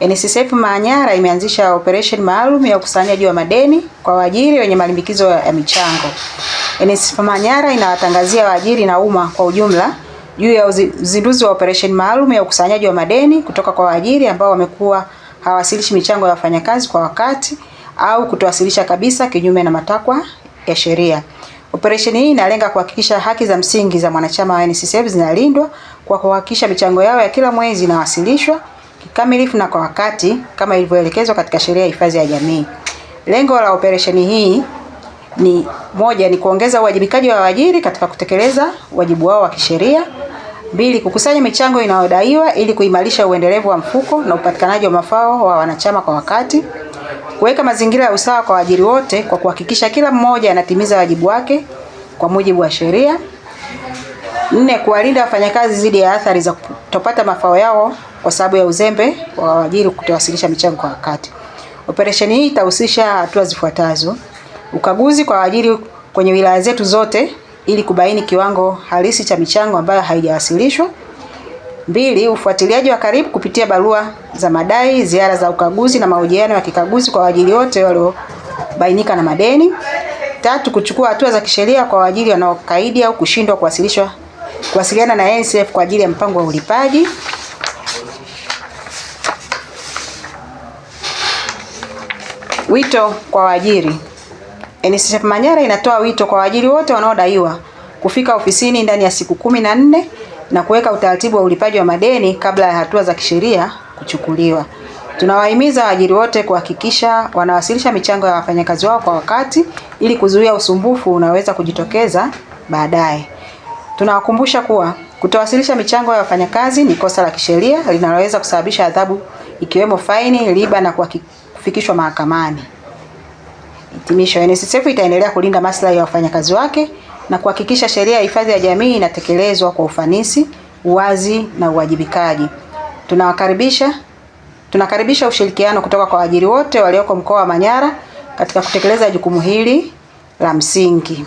NSSF Manyara imeanzisha operation maalum ya ukusanyaji wa madeni kwa waajiri wenye malimbikizo ya michango. NSSF Manyara inawatangazia waajiri na umma kwa ujumla juu ya uzinduzi wa operation maalum ya ukusanyaji wa madeni kutoka kwa waajiri ambao wamekuwa hawasilishi michango ya wafanyakazi kwa wakati au kutowasilisha kabisa kinyume na matakwa ya sheria. Operesheni hii inalenga kuhakikisha haki za msingi za mwanachama wa NSSF zinalindwa kwa kuhakikisha michango yao ya kila mwezi inawasilishwa kikamilifu na kwa wakati kama ilivyoelekezwa katika sheria ya hifadhi ya jamii. Lengo la operesheni hii ni moja, ni kuongeza uwajibikaji wa waajiri katika kutekeleza wajibu wao wa kisheria; mbili, kukusanya michango inayodaiwa ili kuimarisha uendelevu wa mfuko na upatikanaji wa mafao wa wanachama kwa wakati; kuweka mazingira ya usawa kwa waajiri wote kwa kuhakikisha kila mmoja anatimiza wajibu wake kwa mujibu wa sheria; nne, kuwalinda wafanyakazi dhidi ya athari za kutopata mafao yao kwa sababu ya uzembe wa waajiri kutowasilisha michango kwa wakati. Operesheni hii itahusisha hatua zifuatazo: ukaguzi kwa waajiri kwenye wilaya zetu zote ili kubaini kiwango halisi cha michango ambayo haijawasilishwa. Mbili, ufuatiliaji wa karibu kupitia barua za madai, ziara za ukaguzi na mahojiano ya kikaguzi kwa waajiri wote waliobainika na madeni. Tatu, kuchukua hatua za kisheria kwa waajiri wanaokaidi au kushindwa kuwasilisha kuwasiliana na NSSF kwa ajili ya mpango wa ulipaji. Wito kwa waajiri. NSSF Manyara inatoa wito kwa waajiri wote wanaodaiwa kufika ofisini ndani ya siku kumi na nne na kuweka utaratibu wa ulipaji wa madeni kabla ya hatua za kisheria kuchukuliwa. Tunawahimiza waajiri wote kuhakikisha wanawasilisha michango ya wafanyakazi wao kwa wakati ili kuzuia usumbufu unaweza kujitokeza baadaye. Tunawakumbusha kuwa kutowasilisha michango ya wafanyakazi ni kosa la kisheria linaloweza kusababisha adhabu ikiwemo faini, riba na kufikishwa mahakamani. Hitimisho, NSSF itaendelea kulinda maslahi ya wafanyakazi wake na kuhakikisha sheria ya hifadhi ya jamii inatekelezwa kwa ufanisi, uwazi na uwajibikaji. Tunawakaribisha tunakaribisha ushirikiano kutoka kwa waajiri wote walioko mkoa wa Manyara katika kutekeleza jukumu hili la msingi.